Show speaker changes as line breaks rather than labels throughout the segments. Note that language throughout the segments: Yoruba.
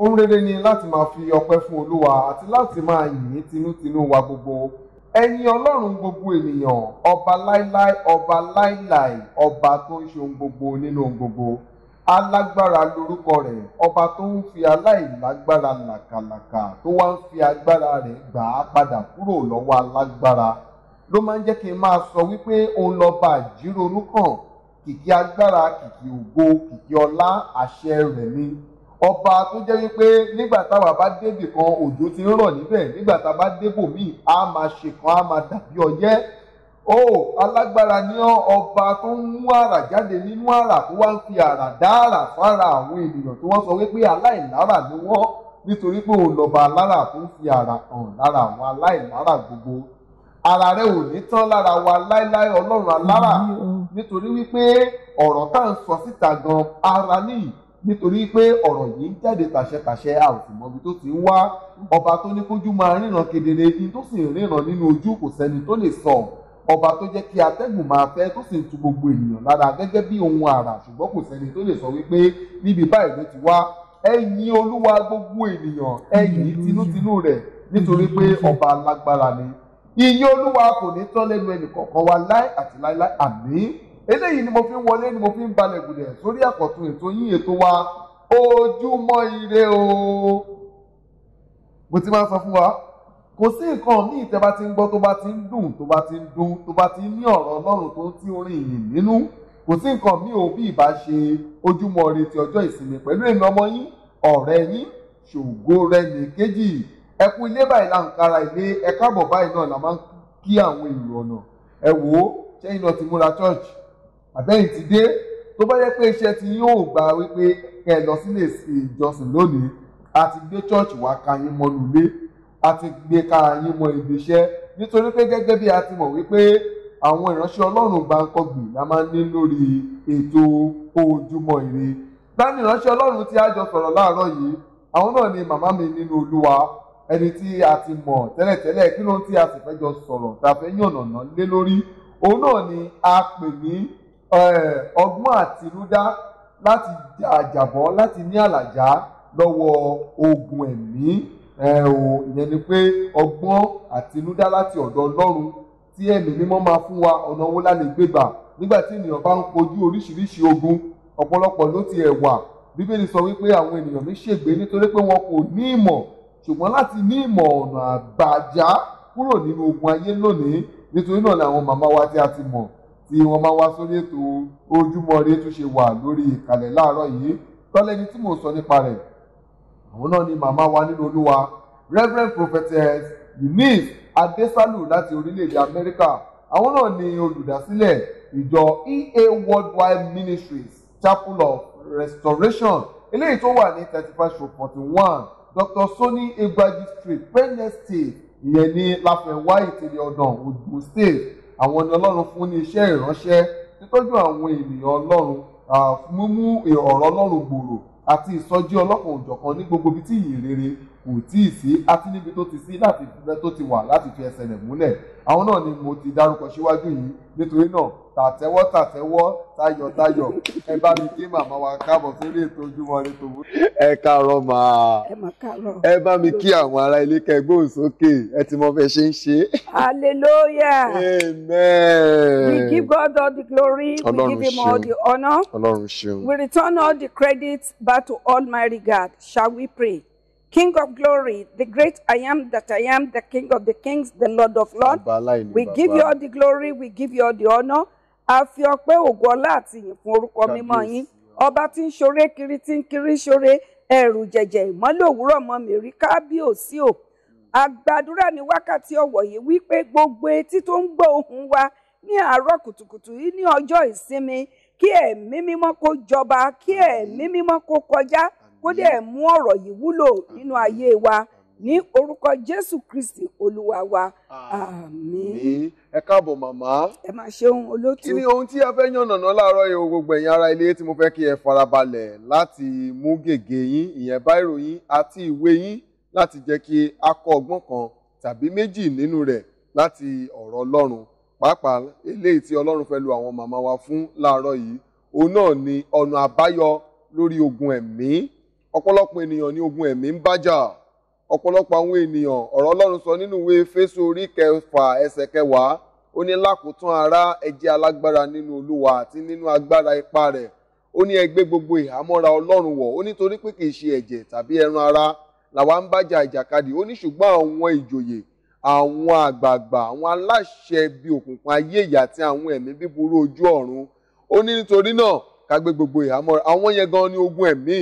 ohun rere ni láti máa fi ọpẹ́ fún olúwa àti láti máa yìn tinútinú wa gbogbo ẹyin ọlọ́run gbogbo ènìyàn ọba láíláí ọba láíláí ọba tó ń ṣe ohun gbogbo nínú ohun gbogbo alágbára lorúkọ rẹ ọba tó ń fi aláìlágbára làkàlàkà tó wá ń fi agbára rẹ̀ gbà á padà kúrò lọ́wọ́ alágbára ló máa ń jẹ́ kí n máa sọ wípé òun lọ́ba àjírònú kàn kìkì agbára kìkì ògo kìkì ọlá àṣẹ rẹ̀ ni ọba tó jẹ́ wípé nígbà táwa bá débì kan òjò ti ń rọ̀ níbẹ̀ nígbà tá a bá débò míì á máa ṣèkan á máa dàbí ọyẹ́ ó alágbára ní ọba tó ń mú àrà jáde nínú àrà tó wá ń fi àrà dá àrà fára àwọn ènìyàn tí wọ́n sọ wípé aláìlára ni wọ́n nítorí pé òun lọ́ba alára tó ń fi àrà hàn lára àwọn aláìlára gbogbo ara rẹ ò ní tán lára wa láéláé ọlọ́run alára nítorí wípé ọ̀rọ̀ tá à ń sọ síta gan ara níyì nítorí pé ọ̀rọ̀ yìí ń jáde tàṣẹtàṣẹ a ò sì mọbi tó ti ń wá ọba tó ní kójú máa ríran kedere in tó sì ń ríran nínú ojú kò sẹ́ni tó lè sọ ọba tó jẹ́ kí atẹ́gùn máa fẹ́ tó sì ń tu gbogbo ènìyàn lára gẹ́gẹ́ bí ohun àrà ṣùgbọ́n kò sẹ́ni tó lè sọ wípé níbi báyìí ló ti wá ẹ̀yin olúwa gbogbo ènìyàn ẹ̀yin tinútinú rẹ̀ nítorí pé ọba lágbára ni iye olúwa kò ní tán ẹnì kọ̀ọ̀kan wa láì àti láíláí àmín eléyìí ni mo fi ń wọlé ni mo fi ń balẹ̀ gùdẹ̀ sórí àkọ́tún ètò yín ètò wa ojúmọ́ ire o mo ti máa ń sọ fún wa kò sí nǹkan míì tẹ́ bá ti ń gbọ́ tó bá ti ń dùn tó bá ti ń dùn tó bá ti ń ní ọ̀rọ̀ ọlọ́run tó ń tí orin ìyìn nínú kò sí nǹkan míì ò bí ìbá ṣe ojúmọ́ ire ti ọjọ́ ìsinmi pẹ̀lú èmi ọmọ yín ọ̀rẹ́ yín ṣògo rẹ nìkejì ẹ ilé báyìí là ń kára ilé ẹ káàbọ̀ báyìí náà là kí àwọn èrò ọ̀nà ẹ wò ó ṣẹ́yìn náà ti múra church àbẹ́yìn ti dé tó bá yẹ pé iṣẹ́ ti yóò gba wípé kẹ́ ẹ lọ sílé ìjọsìn lónìí a ti gbé church wá ka yín mọ́nú ilé a ti gbé ka yín mọ́ ibi iṣẹ́ nítorí pé gẹ́gẹ́ bí a ti mọ̀ wípé àwọn ìránṣẹ́ ọlọ́run gbàǹkọ́gbì la máa ń ní lórí ètò ojúmọ́ ire dání ìránṣẹ́ ọlọ́run tí a jọ sọ̀rọ̀ láàárọ̀ yìí àwọn náà ni màmá mi nínú olúwa ẹni tí a ti mọ̀ tẹ́lẹ̀tẹ́lẹ̀ kí ló ń tí a sì fẹ́ jọ sọ̀rọ̀ tá a fẹ́ yànnàná lé lórí òun náà ni a pè ní Eh, ọgbọ́n àtinúdá láti àjàbọ́ láti ní àlàjá lọ́wọ́ ogun ẹ̀mí eh, ìyẹn ni pé ọgbọ́n àtinúdá láti ọ̀dọ̀ ọlọ́run tí ẹ̀mí mímọ́ máa fún wa ọ̀nà owó la lè gbégbà nígbà tí ènìyàn bá ń kojú oríṣiríṣi ogun ọ̀pọ̀lọpọ̀ ló ti ẹ̀ wà bíbélì sọ wípé àwọn ènìyàn mi ṣègbé nítorí pé wọn kò ní ìmọ̀ ṣùgbọ́n láti ní ìmọ̀ ọ̀nà àgbàjá kúrò nínú ogun ayé lónìí nítorí náà làwọn màmá wa tí a ti mọ̀ tí wọ́n máa wá sórí ètò ojúmọ́ ire tó ṣe wà lórí ìkàlẹ̀ láàárọ̀ yìí tọ́lẹ́ni tí mò ń sọ nípa rẹ̀ àwọn náà ni màmá wa nínú olúwa reverend prophetess eunice adesalu láti orílẹ̀-èdè amẹ́ríkà àwọn náà ni olùdásílẹ̀ ìjọ ea worldwide ministries chapel of restoration eléyìí tó wà ní thirty five to forty one dr soni egbaji street pennell state ìyẹn ní láfẹ̀wá ìtẹ̀lẹ̀ ọ̀dàn ogun state àwọn ni ọlọ́run fún ní iṣẹ́ ìránṣẹ́ títọ́jú àwọn ènìyàn ọlọ́run mímú ọ̀rọ̀ ọlọ́run gbòòrò àti ìsọjí ọlọ́kan òjọ̀kan ní gbogbo ibi tí ìyìn rere kò tí ì sí àti níbi tó ti sí láti tó ti wà láti fi ẹsẹ̀ rẹ̀ múlẹ̀ àwọn náà ni mo ti dárúkọ síwájú yìí nítorí náà tàtẹ́wọ́ tàtẹ́wọ́ tayọ̀ tayọ̀ ẹ bá mi kí màmá wa káàbọ̀ sórí ètò ojúmọ́ ní tòun. ẹ káàárọ̀ máa ẹ bá mi kí àwọn ará ilé kẹgbóhùn sókè ẹ ti mọ fẹ́ ṣe ń ṣe. hallelujah amen. we give God all the glory Ọlọ́run we give him all the honour Ọlọ́run ṣeun we
return all the credit back to Almighty God shall we pray. King of glory, the great I am that I am, the King of the kings, the Lord of
lords. We give you all
the glory, we give you all the honor a fi ọpẹ́ ògo ọlá àti ìyìn fún orúkọ mímọ́ yín ọba tí ń ṣoré kiri tí ń kiri ṣoré ẹ̀rù jẹ̀jẹ̀ ìmọ́lẹ̀ òwúrọ̀ mọ́ mi rí kábíyèsí o àgbàdúrà ní wákàtí ọ̀wọ̀ yìí wípé gbogbo etí tó ń gbọ́ ohùn wa ní àárọ̀ kùtùkùtù yìí ní ọjọ́ ìsinmi kí ẹ̀mí mímọ́ kó jọba kí ẹ̀mí mímọ́ kó kọjá kó dẹ̀ mú ọ̀rọ̀ yìí wúlò nínú ayé wa ní orúkọ jésù kristi olúwa wa
àmín. ẹ káàbọ̀ màmá. ẹ máa ṣeun olótú. kí ni ohun tí a fẹ́ yànnàná láàárọ̀ yìí gbogbo ẹ̀yin ará ilé tí mo fẹ́ kí ẹ farabalẹ̀ láti mú gègé yín ìyẹn báírò yín àti ìwé yín láti jẹ́ kí a kọ́ ọgbọ́n kan tàbí méjì nínú rẹ̀ láti ọ̀rọ̀ ọlọ́run pàápàá eléyìí tí ọlọ́run fẹ́ lu àwọn màmá wa fún láàárọ̀ yìí òun náà ni ọ̀nà àbáyọ lórí ogun ẹ̀mí ọ̀pọ̀lọpọ̀ ènìyàn ní ogun ẹ̀mí ń bájà ọ̀pọ̀lọpọ̀ àwọn ènìyàn ọ̀rọ̀ Ọlọ́run sọ nínú ìwé Éfésù orí kẹfà ẹsẹ̀ kẹwàá ó ní lákòótán ará ẹ jẹ́ alágbára nínú Olúwa àti nínú agbára ipá rẹ̀ ó ní ẹ gbé gbogbo ìhámọ́ra Ọlọ́run wọ̀ ó nítorí pé kì í ṣe ẹ̀jẹ̀ tàbí ẹran ara làwa ń bájà ìjàkadì ó ní ṣùgbọ́n àwọn ìjòyè àwọn àgbààgbà àwọn aláṣẹ bíi òkùnkùn ayé ìyà àti àwọn ẹ̀mí bíburú ojú ọ̀run ó ní nítorí náà ká gbogbo ìhámọ́ra àwọn yẹn gan ni ogun ẹ̀mí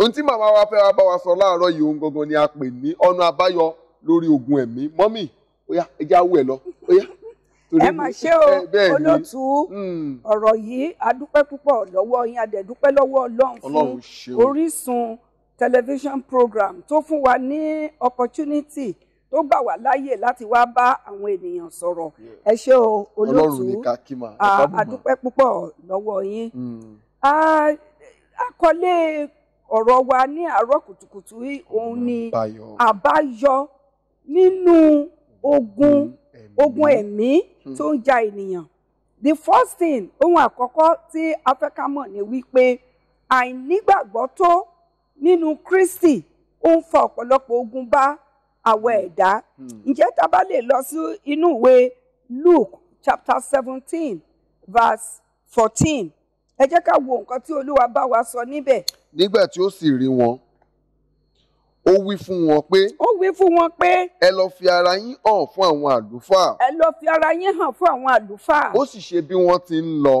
ohun tí màmá wa fẹ́ wá bá wa sọ láàárọ̀ yìí ohun gangan ni a pè ní ọ̀nà àbáyọ lórí ogun ẹ̀mí mọ́mì óyá ẹja awú ẹ lọ óyá. ẹ mà ṣe o olótú hmm. ọ̀rọ̀ yìí adúpẹ́
púpọ̀ lọ́wọ́ yín adẹ̀dúpẹ́ lọ́wọ́ ọlọ́run fún orísun television program tó fún wa ní opportunity tó gbà wá láàyè láti wá bá àwọn ènìyàn sọ̀rọ̀ ẹ ṣe o olótú adúpẹ́ púpọ̀ lọ́wọ́ yín. àkọlé hmm ọ̀rọ̀ wa ní àárọ̀ kùtùkùtù yìí òun ni àbáyọ nínú ogun ogun ẹ̀mí hmm. tó ń ja ènìyàn the first thing ohun àkọ́kọ́ tí a fẹ́ ká mọ̀ ni wípé àìnígbàgbọ́ tó nínú Kristi ó ń fa ọ̀pọ̀lọpọ̀ ogun bá àwa ẹ̀dá hmm. ǹjẹ́ tá a bá lè lọ sí inú ìwé Luke chapter seventeen verse fourteen
ẹ jẹ́ ká wo nǹkan tí olúwa bá wa sọ níbẹ̀. nígbà tí ó sì rí wọn ó wí fún wọn pé. ó wí fún wọn pé. ẹ lọ fi ara yín hàn fún àwọn àlùfáà. ẹ lọ fi ara yín hàn fún àwọn àlùfáà. ó sì ṣe bí wọ́n ti ń lọ.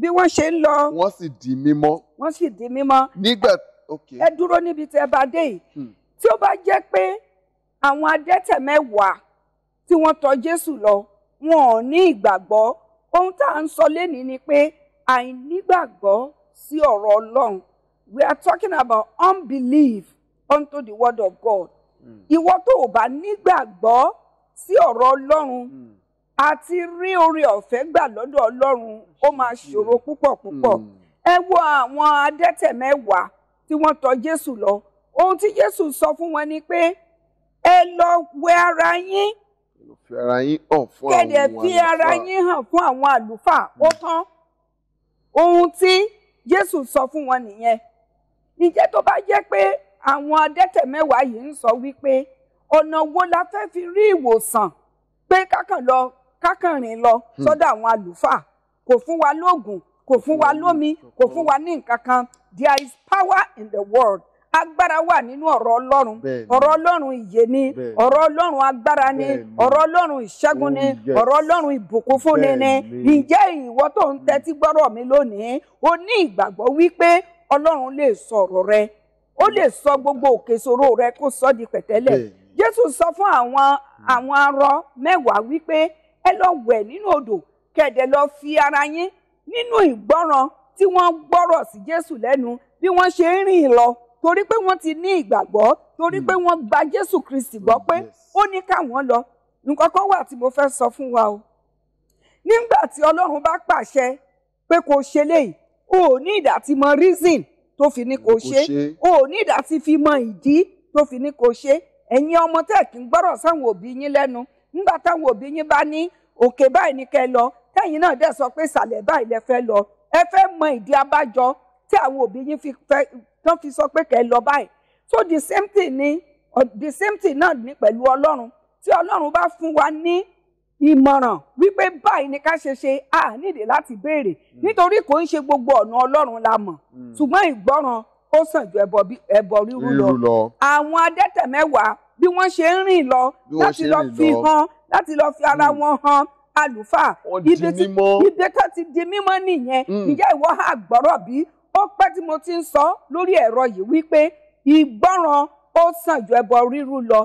bí wọ́n ṣe ń
lọ. wọ́n sì di mímọ́. wọ́n sì di mímọ́. nígbà okay. ẹ dúró níbi tẹ́ bá dé yìí. Hmm. tí ó bá jẹ́ pé àwọn adẹ́tẹ̀ mẹ́wàá tí wọ́n tọ̀ Jésù lọ wọn ò ní ìgbàgbọ́ ohun tá à ń sọ lénìí ni pé àìnígbàgbọ́ sí ọ̀rọ̀ Ọlọ́run we are talking about unbelief unto the word of God hmm. ìwọ tó o bá nígbàgbọ́ sí ọ̀rọ̀ Ọlọ́run hmm. àti rí oore ọ̀fẹ́ gbà lọ́dọ̀ Ọlọ́run ó máa hmm. ṣòro púpọ̀ púpọ̀ ẹ wo àwọn adẹ́tẹ̀ mẹ́wàá tí wọ́n tọ̀ Jésù lọ ohun tí Jésù sọ fún wọn ni pé ẹ lọ wẹ ara yín
kẹ̀dẹ̀ fi ara
yín hàn fún àwọn àlùfáà ó tán ohun tí Jésù sọ fún wọn nìyẹn ǹjẹ́ tó bá jẹ́ pé àwọn adẹ́tẹ̀ yìí ń sọ wípé ọ̀nà wo la fẹ́ fi rí ìwòsàn pé kákàn lọ kákàn rìn lọ hmm. sọ́dọ̀ àwọn àlùfáà kò fún wa lóògùn kò fún wa lómi kò fún wa ní nǹkan kan there is power in the world agbára wà nínú ọ̀rọ̀ ọlọ́run ọ̀rọ̀ ọlọ́run ìyè ni ọ̀rọ̀ ọlọ́run agbára ni ọ̀rọ̀ ọlọ́run ìṣẹ́gun ni ọ̀rọ̀ ọlọ́run ìbùkún fúnni ni ǹjẹ́ ìwọ tó ń tẹ́tí gbọ́rọ̀ mi lónìí o ní ìgbàgbọ́ wípé ọlọ́run lè sọ ọ̀rọ̀ rẹ ó lè sọ gbogbo òkèsòro rẹ kó sọ di pẹ̀tẹ́lẹ̀ jésù sọ fún àwọn hmm. àwọn arọ mẹ́wàá wípé ẹ lọ wẹ̀ nínú odò kẹ̀dẹ̀ lọ fi ara yín nínú ìgbọ́ràn tí wọ́n gbọ́rọ̀ sí jésù lẹ́nu bí wọ́n ṣe ń rìn lọ torí pé wọ́n ti ní ìgbàgbọ́ torí hmm. pé wọ́n gba Jésù Kristi gbọ́ hmm, pé ó ní káwọn lọ nǹkan kan wà tí mo fẹ́ sọ fún wa o nígbà tí Ọlọ́run bá pàṣẹ pé kò ṣe léyìí o ò ní ìdàtí mọ reason tó fi ní kò ṣe o ò ní ìdàtí fi mọ ìdí tó fi ní kò ṣe ẹ̀yin ọmọ tẹ́ kí ń gbọ́rọ̀ sáwọn òbí yín lẹ́nu nígbà táwọn òbí yín bá ní òkè báyìí ní kẹ́ lọ tẹ́yin náà dẹ̀ sọ pé ìsàlẹ̀ báyìí lẹ fẹ́ lọ ẹ fẹ́ mọ ìdí abájọ tí àwọn òbí yín fi fẹ́ tán fi sọ pé kẹ́ ẹ lọ báyìí so the same thing ni the same thing náà ní pẹ̀lú ọlọ́run tí ọlọ́run bá fún wa ní ìmọ̀ràn wípé báyìí ni ká ṣe ṣe a nídìí láti béèrè hmm. nítorí kò ń ṣe gbogbo ọ̀nà ọlọ́run la mọ̀ hmm. ṣùgbọ́n ìgbọ́ràn ó sàn ju ẹbọ rírú lọ àwọn adẹ́tẹ̀ mẹ́wàá bí wọ́n ṣe ń rìn lọ láti lọ fi hàn láti lọ fi ara hmm. wọn hàn àlùfáà ibi tó ti di mímọ́ nìyẹn ìyá ìwọ àgbọ̀rọ̀ bí ó pẹ́ tí mo ti ń sọ lórí ẹ̀rọ yìí wípé ìgbọ́ràn ó sàn ju ẹbọ rírú lọ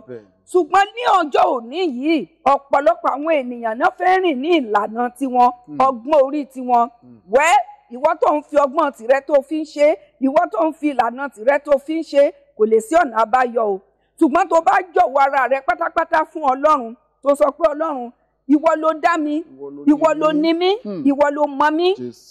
ṣùgbọ́n ní ọjọ́ òní yìí ọ̀pọ̀lọpọ̀ àwọn ènìyàn náà fẹ́ rìn ní ìlànà tiwọn hmm. ọgbọ́n orí tiwọn hmm. wẹ́ ìwọ tó ń fi ọgbọ́n tìrẹ tó fi ń ṣe ìwọ tó ń fi ìlànà tìrẹ tó fi ń ṣe kò lè sí ọ̀nà àbáyọ o ṣùgbọ́n tó bá jọ̀wọ́ ara rẹ pátápátá fún ọlọ́run tó sọ pé ọlọ́run ìwọ ló dá mi ìwọ ló ní mi hmm. ìwọ ló mọ mi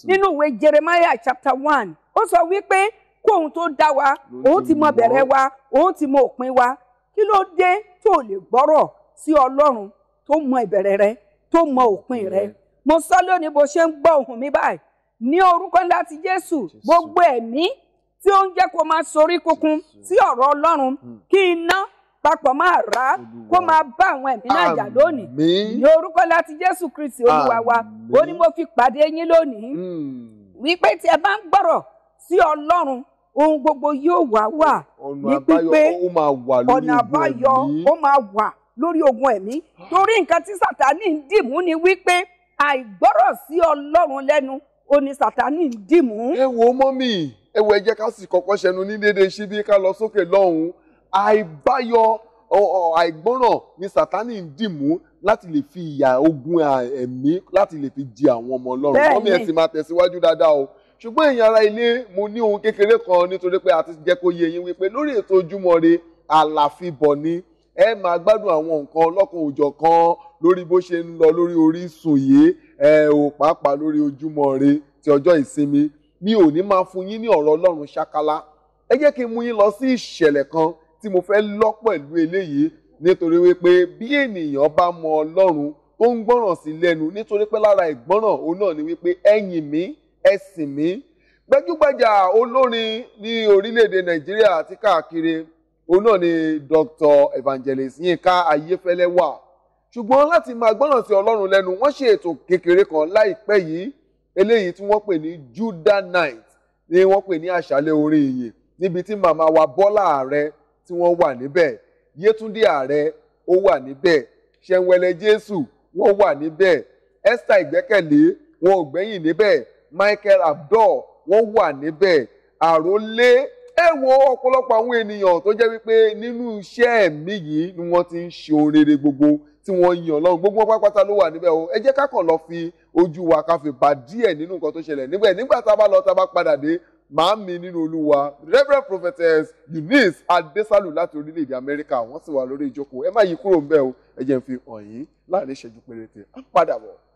nínú ìwé Jeremiah chapter one ó sọ wípé kóhun tó dá wa òun ti mọ bẹ̀rẹ̀ wa òun ti mọ òpin wa kí ló dé tó lè gbọ́rọ̀ sí ọlọ́run tó mọ ìbẹ̀rẹ̀ rẹ tó mọ òpin rẹ mo sọ lónìí bó ṣe ń gbọ́ ohùn mi báyìí ní orúkọ ńlá ti jésù gbogbo ẹ̀mí tí ó ń jẹ́ kó máa sorí kunkun sí ọ̀rọ̀ ọlọ́run hmm. kí iná papọ̀ máa rà á kó máa bá àwọn ẹ̀mí náà jà lónìí ní orúkọ ńlá ti jésù kristi olúwa wa ó ní mo fi pàdé yín lónìí hmm. wípé tí ẹ bá ń gbọ́rọ̀ sí ọlọ́run ohun gbogbo yóò wá wà ní pípé ọ̀nà àbáyọ ó máa wà lórí ogun ẹ̀mí torí nǹkan tí sátani
ń dìmú ni wípé àìgbọ́rọ̀ sí ọlọ́run lẹ́nu ó ní sátani ń dìmú. ẹ wo mọ́mì ẹ wo ẹ jẹ́ ká sì kọ́kọ́ ṣẹnu ní dédé síbí ká lọ sókè lọ́hùn-ún àìbáyọ àìgbọ́ràn ni sátani ń dìmú láti lè fi ìyà ogun ẹ̀mí láti lè fi jẹ àwọn ọmọ ọlọ́run mọ́mì ẹ sì máa tẹ̀síwájú dáadáa o ṣùgbọ́n èèyàn ara ilé mo ní ohun kékeré kan nítorí pé a ti jẹ́ kó yé yín wípé lórí ètò Ojúmọ́ Ire àlàfíbọ̀ ni ẹ máa gbádùn àwọn nǹkan ọlọ́kan òjọ̀ kan lórí bó ṣe ń lọ lórí Orísun yìí ẹ ò pàápàá lórí Ojúmọ́ Ire ti ọjọ́ ìsinmi mi ò ní máa fún yín ní ọ̀rọ̀ Ọlọ́run ṣákálá ẹ jẹ́ kí n mú yín lọ sí ìṣẹ̀lẹ̀ kan tí mo fẹ́ lọ pẹ̀lú eléyìí nítorí wípé bí ènìyàn bá mọ Ọlọ́run ó ń gbọ́ràn sí lẹ́nu nítorí pé lára ìgbọ́ràn òun náà ni wípé ẹ̀yìn mi ẹ sìn mí gbajúgbajà olórin ní orílẹ̀-èdè nàìjíríà àti káàkiri òun náà ni Dr. Evangelist Yínká Ayéfẹ́lẹ́ wà ṣùgbọ́n láti máa gbọ́ràn sí ọlọ́run lẹ́nu wọ́n ṣe ètò kékeré kan láìpẹ́ yìí eléyìí tí wọ́n pè ní Judah Night ni wọ́n pè ní àṣálẹ́ orin ìyè níbi tí màmá wa Bọ́lá Ààrẹ tí wọ́n wà níbẹ̀ Yétúndé Ààrẹ ó wà níbẹ̀ Ṣẹ̀nwẹ̀lẹ̀ Jésù wọ́n wà níbẹ̀ Esther Ìgbẹ́kẹ̀lé wọn ò gbẹ́yìn níbẹ̀ Michael Abdul wọ́n wà níbẹ̀ àròlé ẹ wo ọ̀pọ̀lọpọ̀ àwọn ènìyàn tó jẹ́ wípé nínú iṣẹ́ mi yìí ni wọ́n ti ń ṣe orere gbogbo tí wọ́n yìn Ọlọ́run gbogbo pátápátá ló wà níbẹ̀ o ẹ jẹ́ ká kàn lọ fi ojú wa ká fi bà díẹ̀ nínú nǹkan tó ṣẹlẹ̀ níbẹ̀ nígbà tá a bá lọ tá a bá padà dé màá mi nínú Olúwa Reverend Prophetess Eunice Adesalu láti orílẹ̀-èdè Amẹ́ríkà wọ́n sì wà lórí ìjókòó ẹ má yí kúrò ńbẹ̀ o ẹ jẹ́ n fi hàn yín láàrin ìṣẹ́jú péréte á padà bọ̀.